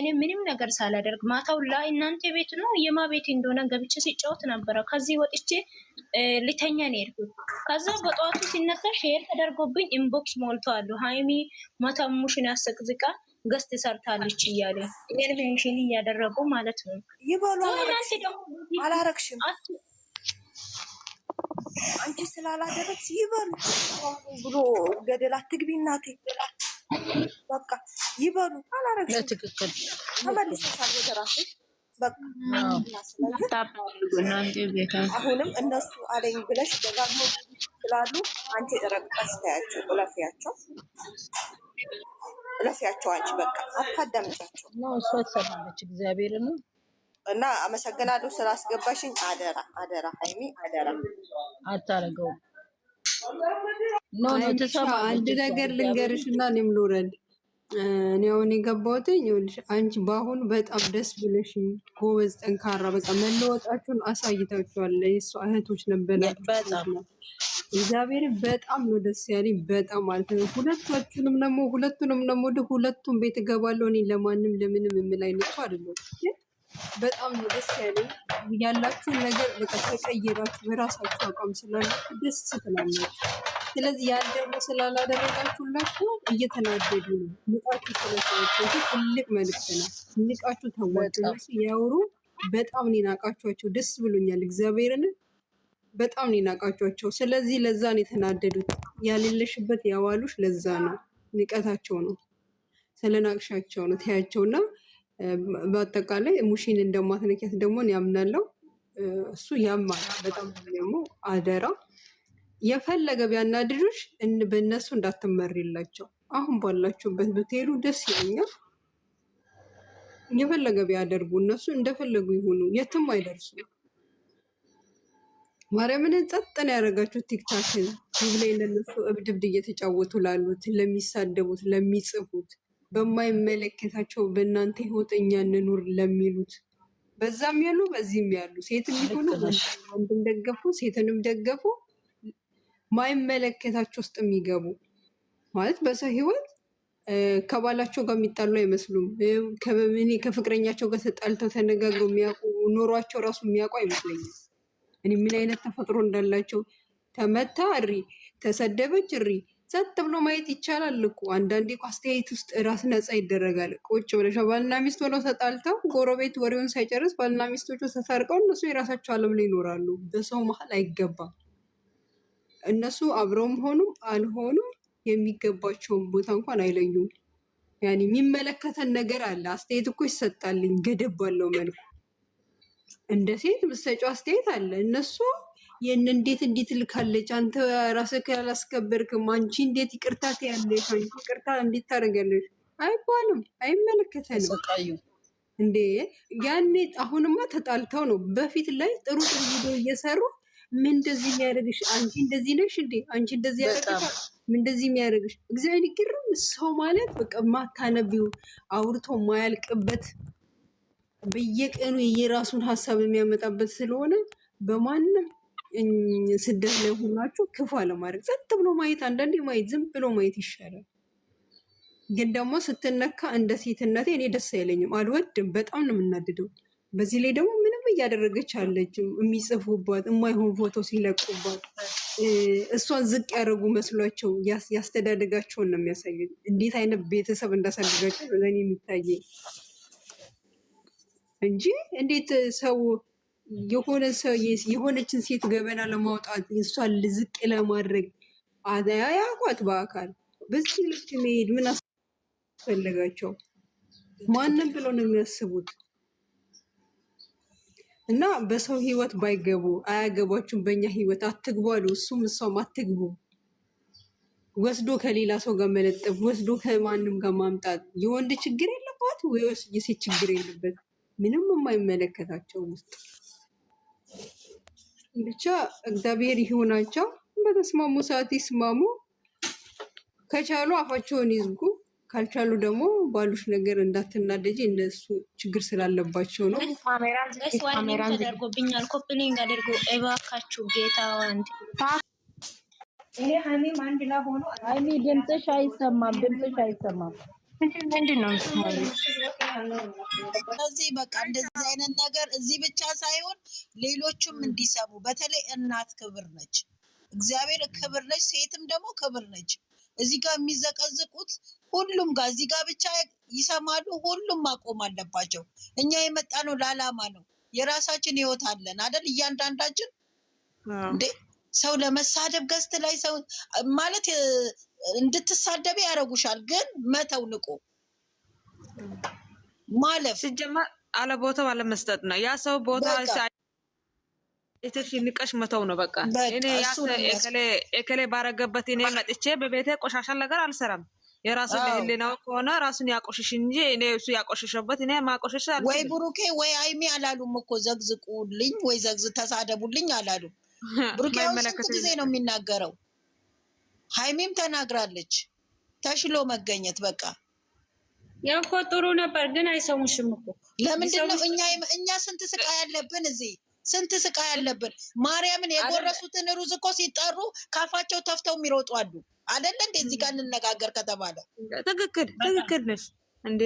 እኔ ምንም ነገር ሳላደርግ ማታው ላይ እናንተ ቤት ነው የማ ቤት እንደሆነ ገብቼ ሲጫወት ነበረ። ከዚህ ወጥቼ ልተኛ ነው የሄድኩት። ከዛ በጠዋቱ ሲነሳ ሼር ተደርጎብኝ ኢንቦክስ ሞልተዋል። ሀይሚ መተሙሽን ያሰቅዝቃ ገስት ሰርታለች እያለ ይሄን ሜንሽን እያደረጉ ማለት ነው። ይበሉ አላረግሽም አንቺ ስላላደረግሽ ይበሉ ብሎ ገደል አትግቢ እናቴ በቃ ይበሉ። አላረግሽም። ትክክል ተመልሰሻል ወደ ራስሽ። አሁንም እነሱ አለኝ ብለሽ ደጋግሞ ስላሉ አንቺ ረግጠሽ ተያቸው፣ እለፊያቸው፣ እለፊያቸው። አንቺ በቃ አታዳምጫቸው። እሷ ትሰማለች። እግዚአብሔር ነው እና አመሰግናለሁ ስላስገባሽኝ። አደራ አደራ፣ ሀይሚ አደራ አታረገውም ኖ ኖ ተሰማ፣ አንድ ነገር ልንገርሽ እና እኔም ልውረድ። እኔ አሁን የገባሁትኝ ይኸውልሽ፣ አንቺ በአሁኑ በጣም ደስ ብለሽ ጎበዝ፣ ጠንካራ በቃ መለወጣችሁን አሳይታችኋል። የእሷ እህቶች ነበራችሁ። እግዚአብሔር በጣም ነው ደስ ያለኝ፣ በጣም ማለት ነው። ሁለታችሁንም ደግሞ ሁለቱንም ደግሞ ሁለቱም ቤት እገባለሁ እኔ ለማንም ለምንም የምል አይነት አይደለም በጣም ነው ደስ ያለኝ። ያላችሁን ነገር በቃ ተቀይራችሁ በራሳችሁ አቋም ስላላችሁ ደስ ትላላችሁ። ስለዚህ ያን ደግሞ ስላላደረጋችሁላችሁ እየተናደዱ ነው። ንቃችሁ ስለሰዎች ትልቅ መልዕክት ነው። ንቃችሁ ተዋቸው። ያውሩ። በጣም ነው የናቃችኋቸው። ደስ ብሎኛል። እግዚአብሔርን በጣም ነው የናቃችኋቸው። ስለዚህ ለዛ ነው የተናደዱት። ያሌለሽበት ያዋሉሽ ለዛ ነው ንቀታቸው ነው ስለናቅሻቸው ነው። ተያቸውና በአጠቃላይ ሙሽን እንደማትነኪያት ደግሞ ያምናለው። እሱ ያማል በጣም ደግሞ አደራ የፈለገ ቢያናድዱሽ በእነሱ እንዳትመሪላቸው። አሁን ባላችሁበት ብትሄዱ ደስ ይለኛል። የፈለገ ቢያደርጉ እነሱ እንደፈለጉ ይሁኑ፣ የትም አይደርሱ። ማርያምን ጸጥን ያደረጋችሁ ቲክታክን ላይ ለነሱ እብድ እብድ እየተጫወቱ ላሉት፣ ለሚሳደቡት፣ ለሚጽፉት በማይመለከታቸው በእናንተ ህይወት እኛ እንኑር ለሚሉት በዛም ያሉ በዚህም ያሉ ሴትም ሆኑ ወንድም ደገፉ፣ ሴትንም ደገፉ ማይመለከታቸው ውስጥ የሚገቡ ማለት በሰው ህይወት ከባላቸው ጋር የሚጣሉ አይመስሉም። እኔ ከፍቅረኛቸው ጋር ተጣልተው ተነጋግረው የሚያውቁ ኖሯቸው ራሱ የሚያውቁ አይመስለኝም። እኔ ምን አይነት ተፈጥሮ እንዳላቸው ተመታ እሪ፣ ተሰደበች እሪ ጸጥ ብሎ ማየት ይቻላል እኮ። አንዳንዴ አስተያየት ውስጥ ራስ ነጻ ይደረጋል። ቁጭ ብለሽ ባልና ሚስት ሆነው ተጣልተው ጎረቤት ወሬውን ሳይጨርስ ባልና ሚስቶቹ ተሳርቀው እነሱ የራሳቸው ዓለም ላይ ይኖራሉ። በሰው መሀል አይገባም። እነሱ አብረውም ሆኑም አልሆኑም የሚገባቸውን ቦታ እንኳን አይለዩም። ያኔ የሚመለከተን ነገር አለ። አስተያየት እኮ ይሰጣልኝ ገደብ ባለው መልኩ እንደ ሴት ብትሰጪው አስተያየት አለ እነሱ ይህን እንዴት እንዴት ልካለች? አንተ ራስ አላስከበርክም። አንቺ እንዴት ይቅርታ ትያለሽ? አንቺ ይቅርታ እንዴት ታደርጋለሽ? አይባልም፣ አይመለከተንም። እንዴ ያኔ አሁንማ ተጣልተው ነው። በፊት ላይ ጥሩ ጥሩ ቪዲዮ እየሰሩ ምን እንደዚህ የሚያደርግሽ አንቺ እንደዚህ ነሽ እንዴ አንቺ እንደዚህ ያደርግሽ ምን እንደዚህ የሚያደርግሽ እግዚአብሔር ይግርም። ሰው ማለት በቃ ማታነቢው አውርቶ ማያልቅበት በየቀኑ የራሱን ሀሳብ የሚያመጣበት ስለሆነ በማንም ስደት ላይ ሁናችሁ ክፉ አለማድረግ፣ ጸጥ ብሎ ማየት፣ አንዳንዴ ማየት፣ ዝም ብሎ ማየት ይሻላል። ግን ደግሞ ስትነካ እንደ ሴትነቴ እኔ ደስ አይለኝም፣ አልወድም። በጣም ነው የምናድደው። በዚህ ላይ ደግሞ ምንም እያደረገች አለችም። የሚጽፉባት የማይሆን ፎቶ ሲለቁባት እሷን ዝቅ ያደረጉ መስሏቸው ያስተዳደጋቸውን ነው የሚያሳየው። እንዴት አይነት ቤተሰብ እንዳሳደጋቸው ለእኔ የሚታየኝ እንጂ እንዴት ሰው የሆነ ሰው የሆነችን ሴት ገበና ለማውጣት የእሷን ልዝቅ ለማድረግ አያቋት በአካል በዚህ ልክ መሄድ ምን አስፈለጋቸው? ማንም ብለው ነው የሚያስቡት። እና በሰው ህይወት ባይገቡ አያገቧችሁም፣ በእኛ ህይወት አትግቡ አሉ። እሱም እሷም አትግቡ ወስዶ ከሌላ ሰው ጋር መለጠፍ፣ ወስዶ ከማንም ጋር ማምጣት። የወንድ ችግር የለባት ወይ የሴት ችግር የለበት? ምንም የማይመለከታቸው ውስጥ ብቻ እግዚአብሔር ይሆናቸው። በተስማሙ ሰዓት ይስማሙ። ከቻሉ አፋቸውን ይዝጉ፣ ካልቻሉ ደግሞ ባሉሽ ነገር እንዳትናደጂ። እነሱ ችግር ስላለባቸው ነው። ተደርጎብኛል፣ ኮፕሊንግ አድርጎ እባካችሁ ጌታ ወንድ ይሄ ሀሚም አንድ ላይ ሆኖ ድምፅሽ አይሰማም፣ ድምፅሽ አይሰማም። ምንድን እዚህ በቃ እንደዚህ አይነት ነገር እዚህ ብቻ ሳይሆን ሌሎቹም እንዲሰሙ። በተለይ እናት ክብር ነች፣ እግዚአብሔር ክብር ነች፣ ሴትም ደግሞ ክብር ነች። እዚህ ጋር የሚዘቀዝቁት ሁሉም ጋር እዚህ ጋር ብቻ ይሰማሉ። ሁሉም ማቆም አለባቸው። እኛ የመጣ ነው ለዓላማ ነው። የራሳችን ህይወት አለን አደል እያንዳንዳችን ሰው ለመሳደብ ገዝት ላይ ሰው ማለት እንድትሳደብ ያደርጉሻል። ግን መተው ንቁ ማለፍ ሲጀመር አለ ቦታው አለመስጠት ነው። ያ ሰው ቦታ ንቀሽ መተው ነው በቃ። እኔ እከሌ ባረገበት እኔ መጥቼ በቤቴ ቆሻሻን ነገር አልሰራም። የራሱ ህሊናው ከሆነ ራሱን ያቆሽሽ እንጂ እኔ እሱ ያቆሽሸበት እኔ ማቆሸሽ ወይ ብሩኬ ወይ አይሚ አላሉም እኮ ዘግዝቁልኝ ወይ ዘግዝ ተሳደቡልኝ አላሉም። ብሩኬ አሁን ስንት ጊዜ ነው የሚናገረው? ሀይሚም ተናግራለች። ተሽሎ መገኘት በቃ ያው እኮ ጥሩ ነበር፣ ግን አይሰሙሽም እኮ ለምንድን ነው እኛ እኛ ስንት ስቃይ ያለብን እዚህ ስንት ስቃይ ያለብን። ማርያምን የጎረሱትን ሩዝ እኮ ሲጠሩ ካፋቸው ተፍተው የሚሮጡ አሉ እንዴ? እዚህ ጋር እንነጋገር ከተባለ ትክክል ትክክል ነሽ እንዴ።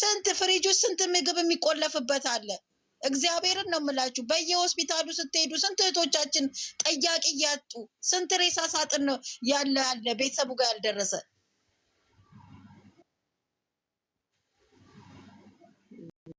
ስንት ፍሪጅ ውስጥ ስንት ምግብ የሚቆለፍበት አለ። እግዚአብሔርን ነው የምላችሁ። በየሆስፒታሉ ስትሄዱ ስንት እህቶቻችን ጠያቂ እያጡ ስንት ሬሳ ሳጥን ነው ያለ ያለ ቤተሰቡ ጋር ያልደረሰ